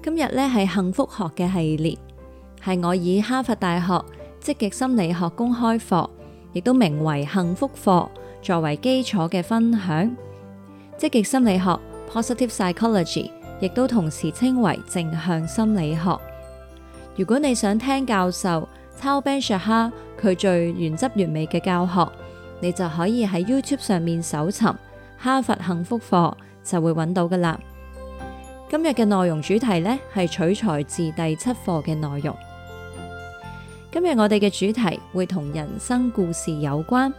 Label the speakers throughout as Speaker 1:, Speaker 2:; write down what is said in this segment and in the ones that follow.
Speaker 1: 今日咧係幸福學嘅系列，係我以哈佛大學積極心理學公開課，亦都名為幸福課作為基礎嘅分享。積極心理學 （positive psychology） 亦都同時稱為正向心理學。如果你想聽教授 Tal Ben-Shahar 佢最原汁原味嘅教學，你就可以喺 YouTube 上面搜尋哈佛幸福課，就會揾到噶啦。今日嘅內容主題呢，係取材自第七課嘅內容。今日我哋嘅主題會同人生故事有關。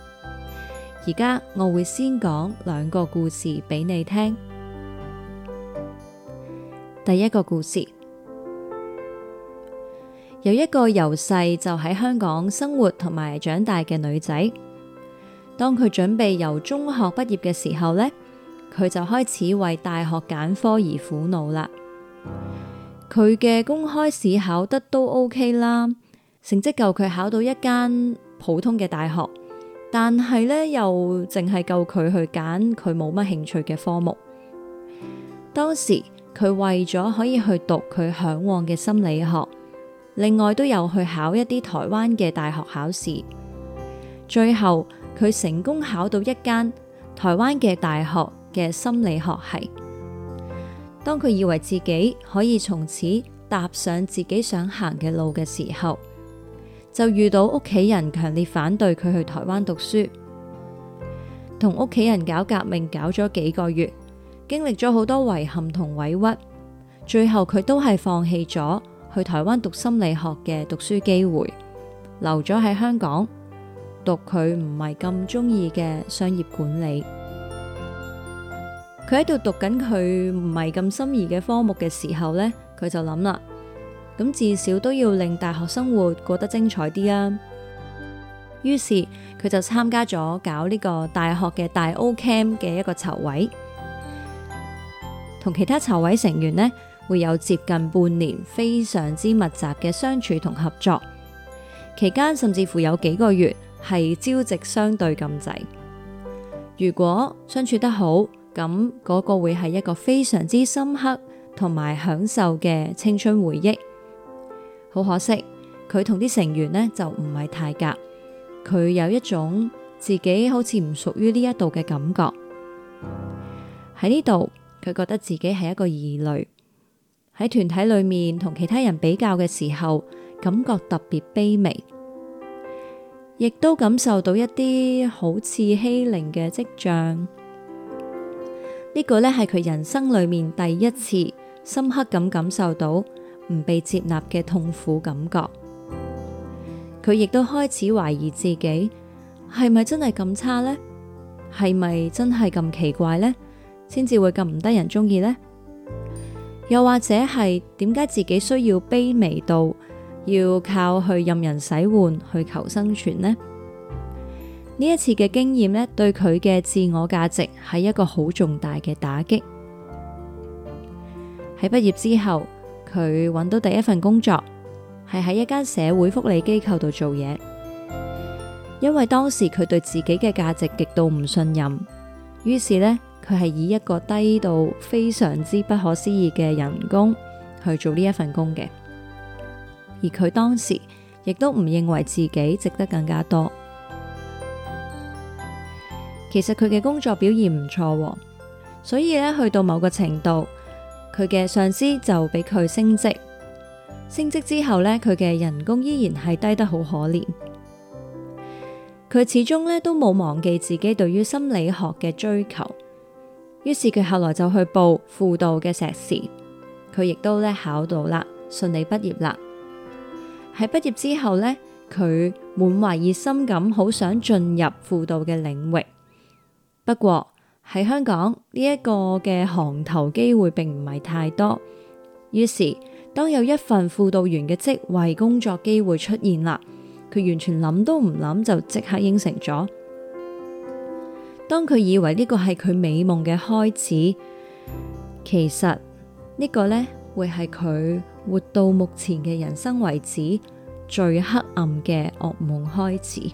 Speaker 1: 而家我會先講兩個故事俾你聽。第一個故事，有一個由細就喺香港生活同埋長大嘅女仔，當佢準備由中學畢業嘅時候呢。佢就開始為大學揀科而苦惱啦。佢嘅公開試考得都 OK 啦，成績夠佢考到一間普通嘅大學，但係呢又淨係夠佢去揀佢冇乜興趣嘅科目。當時佢為咗可以去讀佢向往嘅心理學，另外都有去考一啲台灣嘅大學考試。最後佢成功考到一間台灣嘅大學嘅心理學系，當佢以為自己可以從此踏上自己想行嘅路嘅時候，就遇到屋企人強烈反對佢去台灣讀書，同屋企人搞革命搞咗幾個月，經歷咗好多遺憾同委屈，最後佢都係放棄咗去台灣讀心理學嘅讀書機會，留咗喺香港讀佢唔係咁中意嘅商業管理。佢喺度讀緊佢唔係咁心儀嘅科目嘅時候呢，佢就諗啦，咁至少都要令大學生活過得精彩啲啦、啊。於是佢就參加咗搞呢個大學嘅大 O Camp 嘅一個籌位，同其他籌位成員呢，會有接近半年非常之密集嘅相處同合作，期間甚至乎有幾個月係朝夕相對咁滯。如果相處得好。咁嗰個會係一個非常之深刻同埋享受嘅青春回憶。好可惜，佢同啲成員呢就唔係太夾。佢有一種自己好似唔屬於呢一度嘅感覺喺呢度，佢覺得自己係一個異類喺團體裏面，同其他人比較嘅時候，感覺特別卑微，亦都感受到一啲好似欺凌嘅跡象。呢個呢，係佢人生裏面第一次深刻咁感受到唔被接納嘅痛苦感覺，佢亦都開始懷疑自己係咪真係咁差呢？係咪真係咁奇怪呢？先至會咁唔得人中意呢？又或者係點解自己需要卑微到要靠去任人使喚去求生存呢？呢一次嘅經驗呢，對佢嘅自我價值係一個好重大嘅打擊。喺畢業之後，佢揾到第一份工作，係喺一間社會福利機構度做嘢。因為當時佢對自己嘅價值極度唔信任，於是呢，佢係以一個低到非常之不可思議嘅人工去做呢一份工嘅。而佢當時亦都唔認為自己值得更加多。其實佢嘅工作表現唔錯喎，所以呢，去到某個程度，佢嘅上司就俾佢升職。升職之後呢，佢嘅人工依然係低得好可憐。佢始終呢都冇忘記自己對於心理學嘅追求，於是佢後來就去報輔導嘅碩士，佢亦都咧考到啦，順利畢業啦。喺畢業之後呢，佢滿懷熱心咁，好想進入輔導嘅領域。不過喺香港呢一個嘅行頭機會並唔係太多，於是當有一份輔導員嘅職位工作機會出現啦，佢完全諗都唔諗就即刻應承咗。當佢以為呢個係佢美夢嘅開始，其實呢個呢，會係佢活到目前嘅人生為止最黑暗嘅噩夢開始。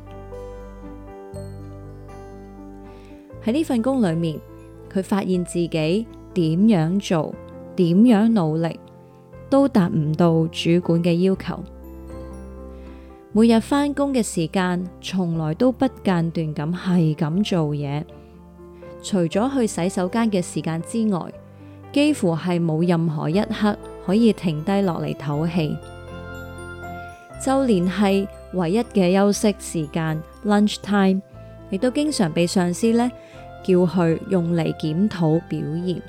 Speaker 1: 喺呢份工裏面，佢發現自己點樣做，點樣努力都達唔到主管嘅要求。每日返工嘅時間從來都不間斷咁係咁做嘢，除咗去洗手間嘅時間之外，幾乎係冇任何一刻可以停低落嚟唞氣。就連係唯一嘅休息時間 （lunch time） 亦都經常俾上司呢。叫佢用嚟檢討表現，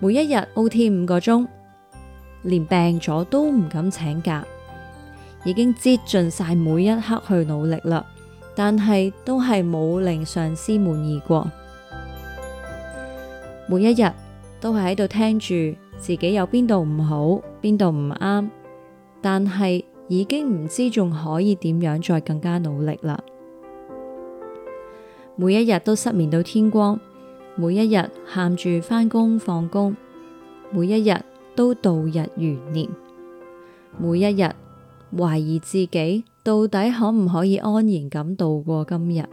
Speaker 1: 每一日 OT 五個鐘，連病咗都唔敢請假，已經竭盡晒每一刻去努力啦。但係都係冇令上司滿意過，每一日都係喺度聽住自己有邊度唔好，邊度唔啱，但係已經唔知仲可以點樣再更加努力啦。每一日都失眠到天光，每一日喊住返工放工，每一日都度日如年，每一日懷疑自己到底可唔可以安然咁度過今日。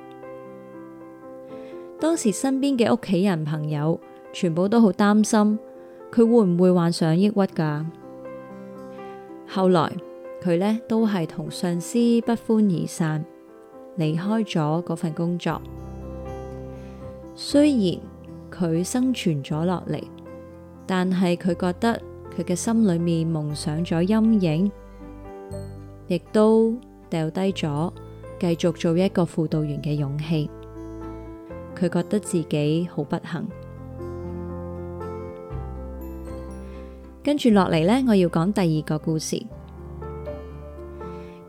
Speaker 1: 當時身邊嘅屋企人、朋友全部都好擔心佢會唔會患上抑鬱噶。後來佢呢都係同上司不歡而散，離開咗嗰份工作。雖然佢生存咗落嚟，但係佢覺得佢嘅心裏面蒙上咗陰影，亦都掉低咗繼續做一個輔導員嘅勇氣。佢覺得自己好不幸。跟住落嚟呢，我要講第二個故事。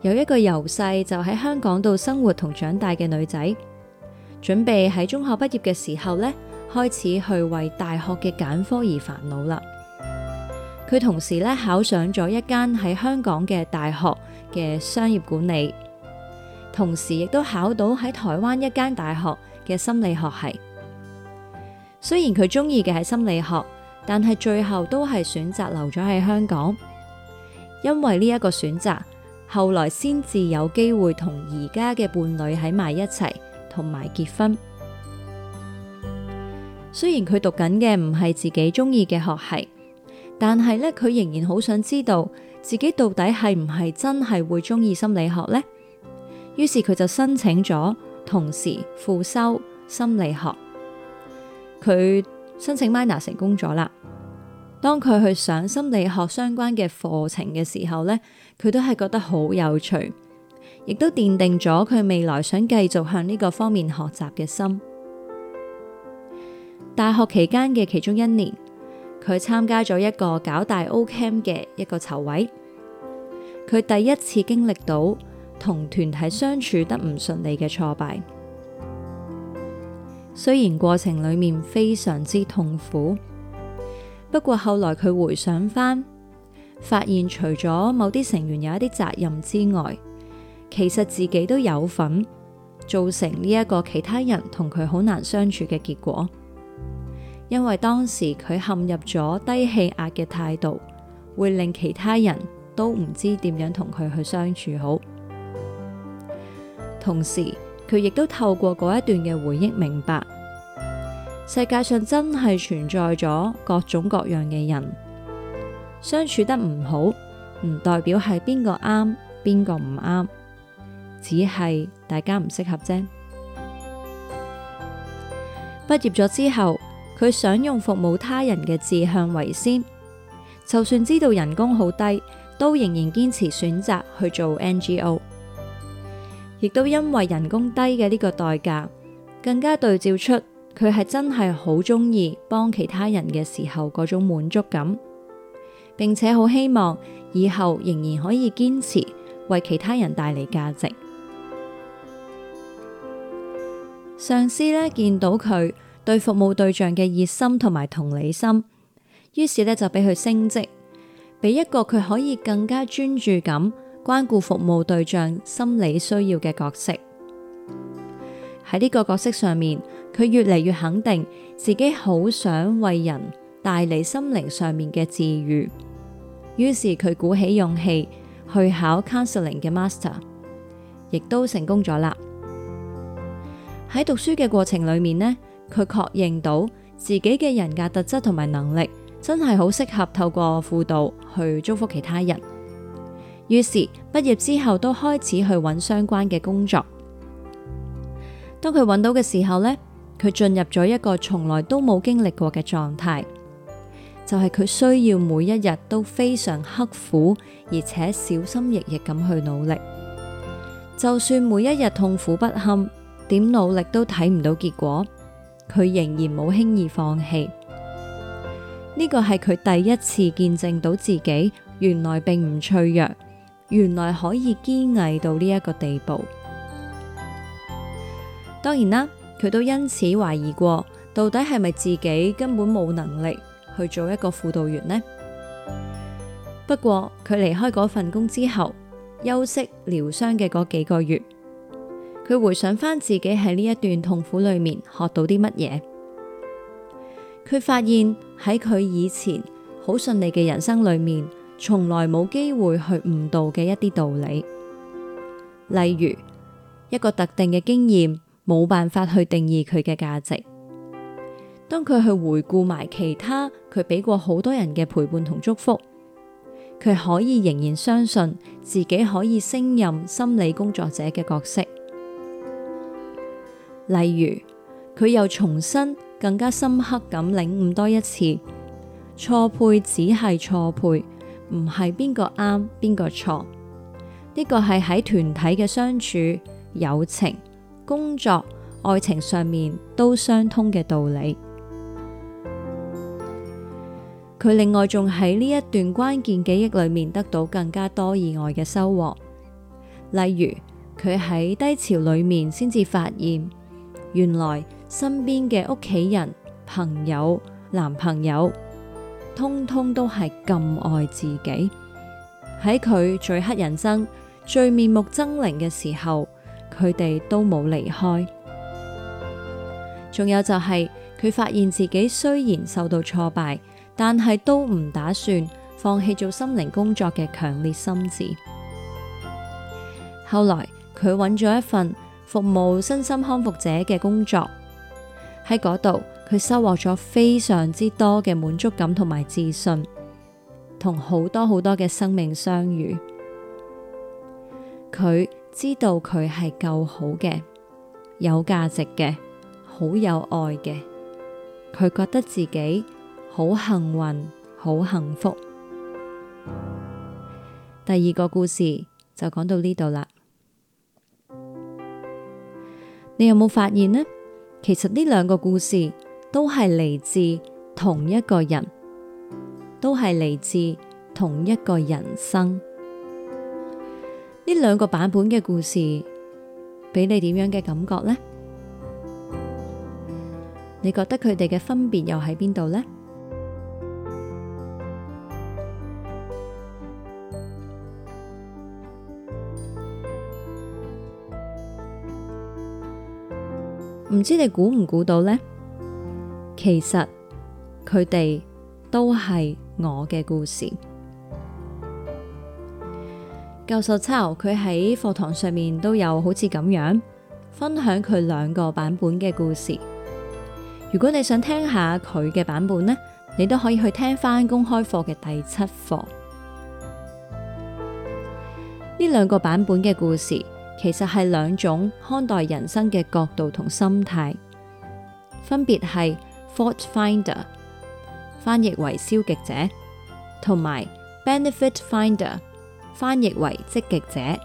Speaker 1: 有一個由細就喺香港度生活同長大嘅女仔。準備喺中學畢業嘅時候，呢開始去為大學嘅揀科而煩惱啦。佢同時呢考上咗一間喺香港嘅大學嘅商業管理，同時亦都考到喺台灣一間大學嘅心理學系。雖然佢中意嘅係心理學，但係最後都係選擇留咗喺香港。因為呢一個選擇，後來先至有機會同而家嘅伴侶喺埋一齊。同埋結婚，雖然佢讀緊嘅唔係自己中意嘅學系，但係呢，佢仍然好想知道自己到底係唔係真係會中意心理學呢？於是佢就申請咗，同時副修心理學。佢申請 minor 成功咗啦。當佢去上心理學相關嘅課程嘅時候呢，佢都係覺得好有趣。亦都奠定咗佢未來想繼續向呢個方面學習嘅心。大學期間嘅其中一年，佢參加咗一個搞大 O Camp 嘅一個籌委，佢第一次經歷到同團體相處得唔順利嘅挫敗。雖然過程裏面非常之痛苦，不過後來佢回想返，發現除咗某啲成員有一啲責任之外。其實自己都有份造成呢一個其他人同佢好難相處嘅結果，因為當時佢陷入咗低氣壓嘅態度，會令其他人都唔知點樣同佢去相處好。同時佢亦都透過嗰一段嘅回憶，明白世界上真係存在咗各種各樣嘅人，相處得唔好唔代表係邊個啱邊個唔啱。只係大家唔適合啫。畢業咗之後，佢想用服務他人嘅志向為先，就算知道人工好低，都仍然堅持選擇去做 NGO。亦都因為人工低嘅呢個代價，更加對照出佢係真係好中意幫其他人嘅時候嗰種滿足感，並且好希望以後仍然可以堅持為其他人帶嚟價值。上司呢見到佢對服務對象嘅熱心同埋同理心，於是呢就俾佢升職，俾一個佢可以更加專注咁關顧服務對象心理需要嘅角色。喺呢個角色上面，佢越嚟越肯定自己好想為人帶嚟心靈上面嘅治癒。於是佢鼓起勇氣去考 counseling 嘅 master，亦都成功咗啦。喺讀書嘅過程裏面呢，佢確認到自己嘅人格特質同埋能力真係好適合透過輔導去祝福其他人。於是畢業之後都開始去揾相關嘅工作。當佢揾到嘅時候呢，佢進入咗一個從來都冇經歷過嘅狀態，就係佢需要每一日都非常刻苦而且小心翼翼咁去努力，就算每一日痛苦不堪，點努力都睇唔到結果，佢仍然冇輕易放棄。呢個係佢第一次見證到自己原來並唔脆弱，原來可以堅毅到呢一個地步。當然啦，佢都因此懷疑過，到底係咪自己根本冇能力去做一個輔導員呢？不過佢離開嗰份工之後，休息療傷嘅嗰幾個月。佢回想翻自己喺呢一段痛苦裏面學到啲乜嘢，佢發現喺佢以前好順利嘅人生裏面，從來冇機會去悟到嘅一啲道理，例如一個特定嘅經驗冇辦法去定義佢嘅價值。當佢去回顧埋其他佢俾過好多人嘅陪伴同祝福，佢可以仍然相信自己可以升任心理工作者嘅角色。例如佢又重新更加深刻咁領悟多一次錯配，只係錯配，唔係邊個啱邊個錯。呢個係喺團體嘅相處、友情、工作、愛情上面都相通嘅道理。佢另外仲喺呢一段關鍵記憶裏面得到更加多意外嘅收穫，例如佢喺低潮裏面先至發現。原來身邊嘅屋企人、朋友、男朋友，通通都係咁愛自己。喺佢最黑人憎、最面目猙獰嘅時候，佢哋都冇離開。仲有就係、是、佢發現自己雖然受到挫敗，但係都唔打算放棄做心靈工作嘅強烈心智。後來佢揾咗一份。服務身心康復者嘅工作，喺嗰度，佢收穫咗非常之多嘅滿足感同埋自信，同好多好多嘅生命相遇。佢知道佢係夠好嘅，有價值嘅，好有愛嘅。佢覺得自己好幸運，好幸福。第二個故事就講到呢度啦。你有冇發現呢？其實呢兩個故事都係嚟自同一個人，都係嚟自同一個人生。呢兩個版本嘅故事俾你點樣嘅感覺呢？你覺得佢哋嘅分別又喺邊度呢？唔知你估唔估到呢？其實佢哋都係我嘅故事。教授 Charles 佢喺課堂上面都有好似咁樣分享佢兩個版本嘅故事。如果你想聽下佢嘅版本呢，你都可以去聽翻公開課嘅第七課，呢兩個版本嘅故事。其實係兩種看待人生嘅角度同心態，分別係 fault finder 翻譯為消極者，同埋 benefit finder 翻譯為積極者。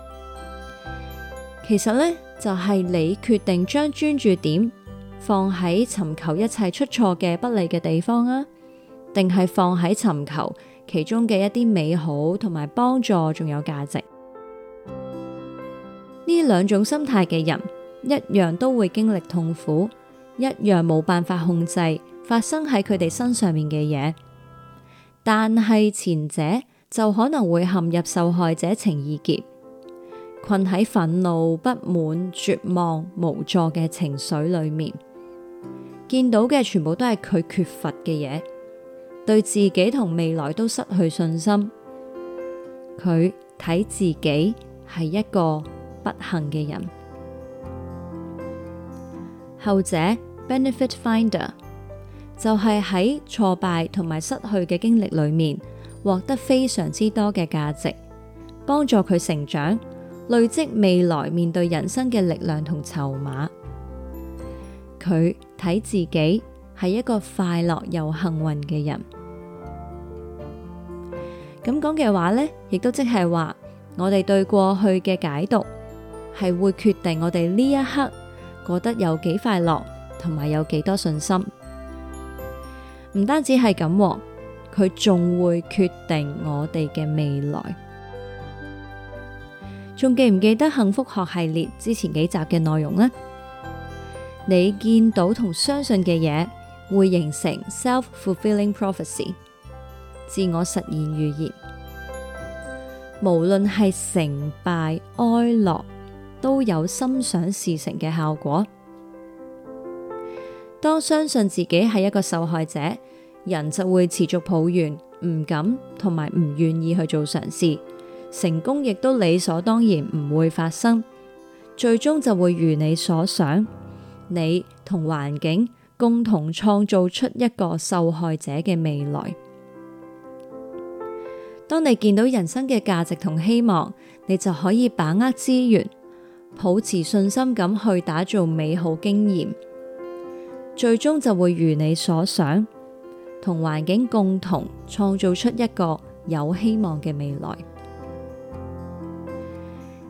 Speaker 1: 其實呢，就係你決定將專注點放喺尋求一切出錯嘅不利嘅地方啊，定係放喺尋求其中嘅一啲美好同埋幫助仲有價值。呢兩種心態嘅人，一樣都會經歷痛苦，一樣冇辦法控制發生喺佢哋身上面嘅嘢。但係前者就可能會陷入受害者情意結，困喺憤怒、不滿、絕望、無助嘅情緒裏面，見到嘅全部都係佢缺乏嘅嘢，對自己同未來都失去信心。佢睇自己係一個。不幸嘅人，後者 benefit finder 就係喺挫敗同埋失去嘅經歷裏面獲得非常之多嘅價值，幫助佢成長，累積未來面對人生嘅力量同籌碼。佢睇自己係一個快樂又幸運嘅人。咁講嘅話呢，亦都即係話我哋對過去嘅解讀係會決定我哋呢一刻過得有幾快樂，同埋有幾多信心。唔單止係咁，佢仲會決定我哋嘅未來。仲記唔記得幸福學系列之前幾集嘅內容呢？你見到同相信嘅嘢會形成 self-fulfilling prophecy，自我實現預言。無論係成敗、哀樂。都有心想事成嘅效果。當相信自己係一個受害者，人就會持續抱怨，唔敢同埋唔願意去做嘗試，成功亦都理所當然唔會發生。最終就會如你所想，你同環境共同創造出一個受害者嘅未來。當你見到人生嘅價值同希望，你就可以把握資源。保持信心，咁去打造美好經驗，最終就會如你所想，同環境共同創造出一個有希望嘅未來。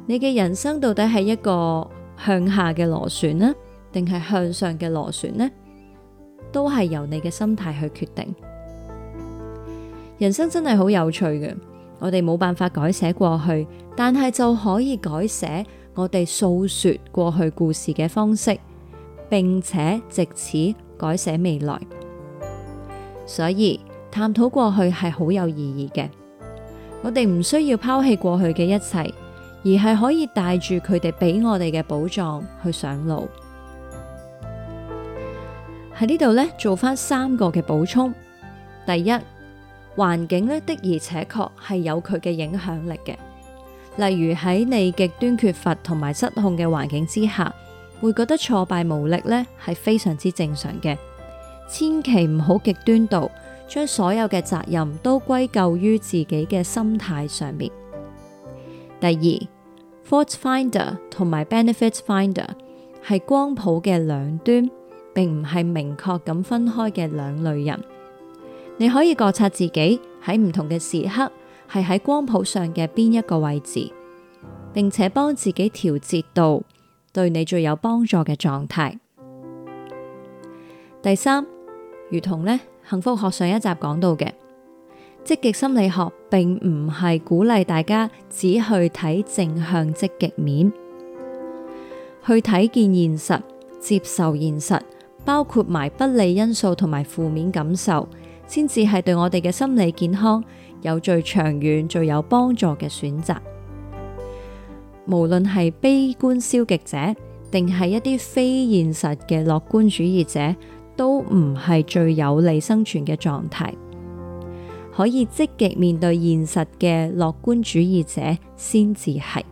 Speaker 1: 你嘅人生到底係一個向下嘅螺旋呢？定係向上嘅螺旋呢？都係由你嘅心態去決定。人生真係好有趣嘅，我哋冇辦法改寫過去，但係就可以改寫。我哋訴說過去故事嘅方式，並且借此改寫未來，所以探討過去係好有意義嘅。我哋唔需要拋棄過去嘅一切，而係可以帶住佢哋俾我哋嘅寶藏去上路。喺呢度呢，做返三個嘅補充。第一，環境呢的而且確係有佢嘅影響力嘅。例如喺你極端缺乏同埋失控嘅環境之下，會覺得挫敗無力咧，係非常之正常嘅。千祈唔好極端到將所有嘅責任都歸咎於自己嘅心態上面。第二，Fault Finder 同埋 Benefits Finder 係光譜嘅兩端，並唔係明確咁分開嘅兩類人。你可以覺察自己喺唔同嘅時刻係喺光譜上嘅邊一個位置，並且幫自己調節到對你最有幫助嘅狀態。第三，如同呢幸福學上一集講到嘅，積極心理學並唔係鼓勵大家只去睇正向積極面，去睇見現實、接受現實，包括埋不利因素同埋負面感受，先至係對我哋嘅心理健康有最長遠、最有幫助嘅選擇。無論係悲觀消極者，定係一啲非現實嘅樂觀主義者，都唔係最有利生存嘅狀態。可以積極面對現實嘅樂觀主義者先至係。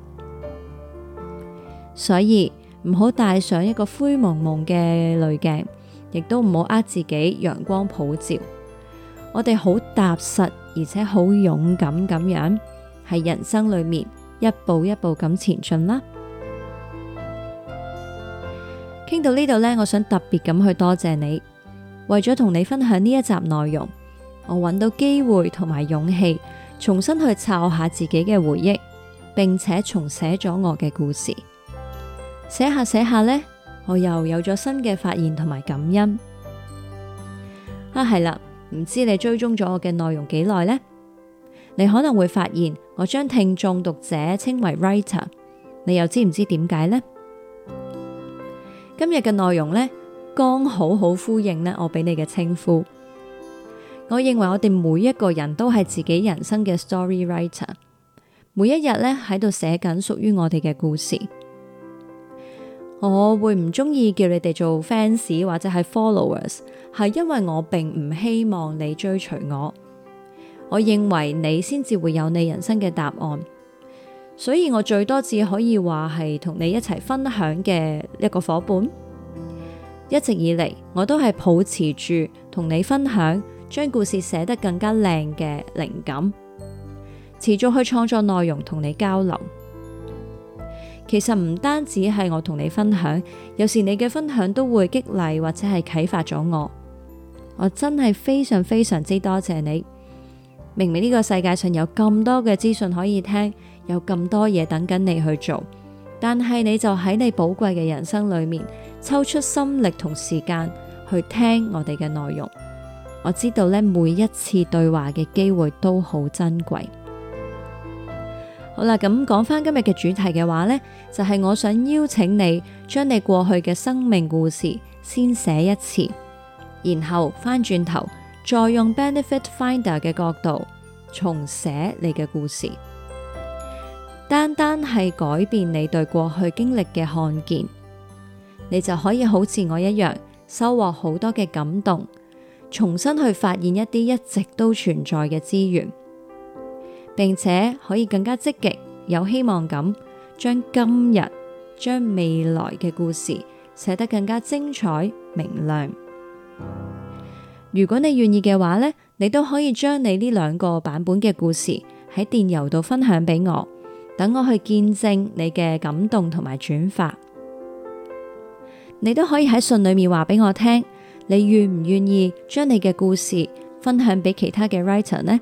Speaker 1: 所以唔好戴上一個灰蒙蒙嘅濾鏡，亦都唔好呃自己陽光普照。我哋好踏實，而且好勇敢咁樣，喺人生裏面一步一步咁前進啦。傾到呢度呢，我想特別咁去多謝你，為咗同你分享呢一集內容，我揾到機會同埋勇氣，重新去摷下自己嘅回憶，並且重寫咗我嘅故事。寫下寫下呢，我又有咗新嘅發現同埋感恩啊，係啦。唔知你追蹤咗我嘅內容幾耐呢？你可能會發現我將聽眾讀者稱為 writer，你又知唔知點解呢？今日嘅內容呢，剛好好呼應呢我俾你嘅稱呼。我認為我哋每一個人都係自己人生嘅 story writer，每一日呢喺度寫緊屬於我哋嘅故事。我會唔中意叫你哋做 fans 或者係 followers，係因為我並唔希望你追隨我。我認為你先至會有你人生嘅答案，所以我最多只可以話係同你一齊分享嘅一個夥伴。一直以嚟，我都係抱持住同你分享，將故事寫得更加靚嘅靈感，持續去創作內容同你交流。其實唔單止係我同你分享，有時你嘅分享都會激勵或者係啟發咗我。我真係非常非常之多謝你。明明呢個世界上有咁多嘅資訊可以聽，有咁多嘢等緊你去做，但係你就喺你寶貴嘅人生裏面抽出心力同時間去聽我哋嘅內容。我知道呢每一次對話嘅機會都好珍貴。好啦，咁講翻今日嘅主題嘅話呢，就係我想邀請你將你過去嘅生命故事先寫一次，然後翻轉頭再用 Benefit Finder 嘅角度重寫你嘅故事。單單係改變你對過去經歷嘅看見，你就可以好似我一樣收穫好多嘅感動，重新去發現一啲一直都存在嘅資源。並且可以更加積極、有希望噉，將今日，將未來嘅故事寫得更加精彩、明亮。如果你願意嘅話呢，你都可以將你呢兩個版本嘅故事喺電郵度分享俾我，等我去見證你嘅感動同埋轉發。你都可以喺信裏面話俾我聽，你願唔願意將你嘅故事分享俾其他嘅 writer 呢？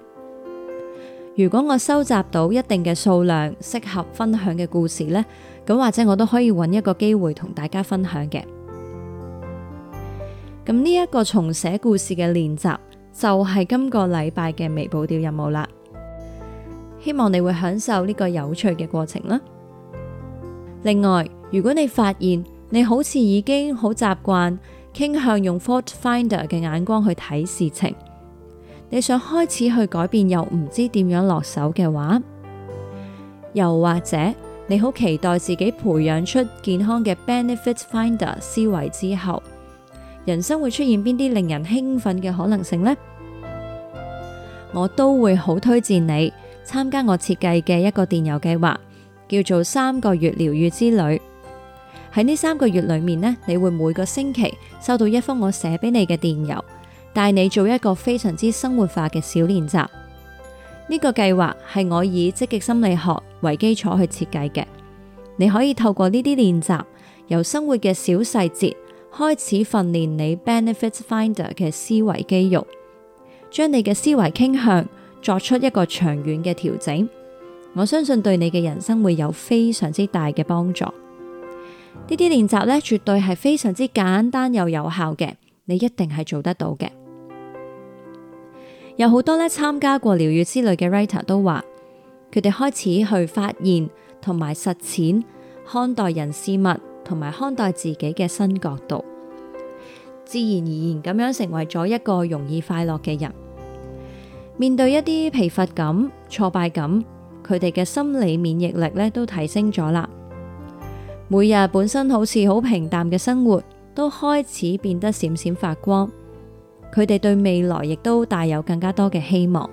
Speaker 1: 如果我收集到一定嘅數量，適合分享嘅故事呢，咁或者我都可以揾一個機會同大家分享嘅。咁呢一個重寫故事嘅練習就係今個禮拜嘅微步調任務啦。希望你會享受呢個有趣嘅過程啦。另外，如果你發現你好似已經好習慣傾向用 Fault Finder 嘅眼光去睇事情。你想開始去改變又唔知點樣落手嘅話，又或者你好期待自己培養出健康嘅 benefit finder 思維之後，人生會出現邊啲令人興奮嘅可能性呢？我都會好推薦你參加我設計嘅一個電郵計劃，叫做三個月療癒之旅。喺呢三個月裏面呢，你會每個星期收到一封我寫俾你嘅電郵。帶你做一個非常之生活化嘅小練習，呢個計劃係我以積極心理學為基礎去設計嘅。你可以透過呢啲練習，由生活嘅小細節開始訓練你 benefit finder 嘅思維肌肉，將你嘅思維傾向作出一個長遠嘅調整。我相信對你嘅人生會有非常之大嘅幫助。呢啲練習咧絕對係非常之簡單又有效嘅，你一定係做得到嘅。有好多咧參加過療愈之旅嘅 writer 都話，佢哋開始去發現同埋實踐看待人事物同埋看待自己嘅新角度，自然而然咁樣成為咗一個容易快樂嘅人。面對一啲疲乏感、挫敗感，佢哋嘅心理免疫力咧都提升咗啦。每日本身好似好平淡嘅生活，都開始變得閃閃發光。佢哋對未來亦都帶有更加多嘅希望。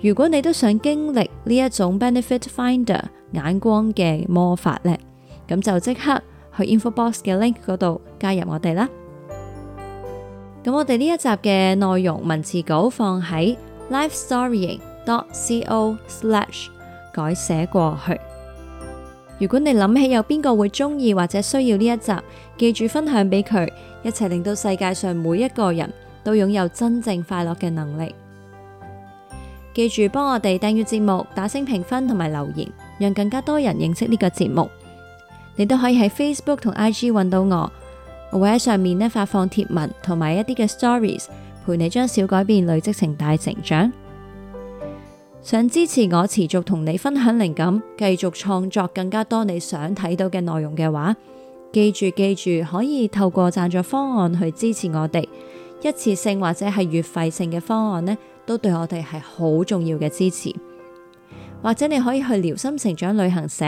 Speaker 1: 如果你都想經歷呢一種 benefit finder 眼光嘅魔法呢，咁就即刻去 info box 嘅 link 嗰度加入我哋啦。咁我哋呢一集嘅內容文字稿放喺 lifestorying.co/slash 改寫過去。如果你諗起有邊個會中意或者需要呢一集，記住分享俾佢。一齊令到世界上每一個人都擁有真正快樂嘅能力。記住幫我哋訂閱節目，打聲評分同埋留言，讓更加多人認識呢個節目。你都可以喺 Facebook 同 IG 搵到我，我會喺上面呢發放貼文同埋一啲嘅 Stories，陪你將小改變累積成大成長。想支持我持續同你分享靈感，繼續創作更加多你想睇到嘅內容嘅話，記住，記住可以透過贊助方案去支持我哋，一次性或者係月費性嘅方案呢，都對我哋係好重要嘅支持。或者你可以去聊心成長旅行社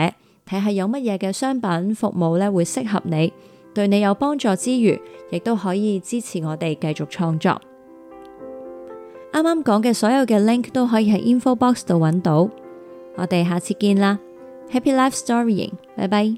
Speaker 1: 睇下有乜嘢嘅商品服務呢會適合你，對你有幫助之餘，亦都可以支持我哋繼續創作。啱啱講嘅所有嘅 link 都可以喺 info box 度揾到。我哋下次見啦，Happy Life Storying，拜拜。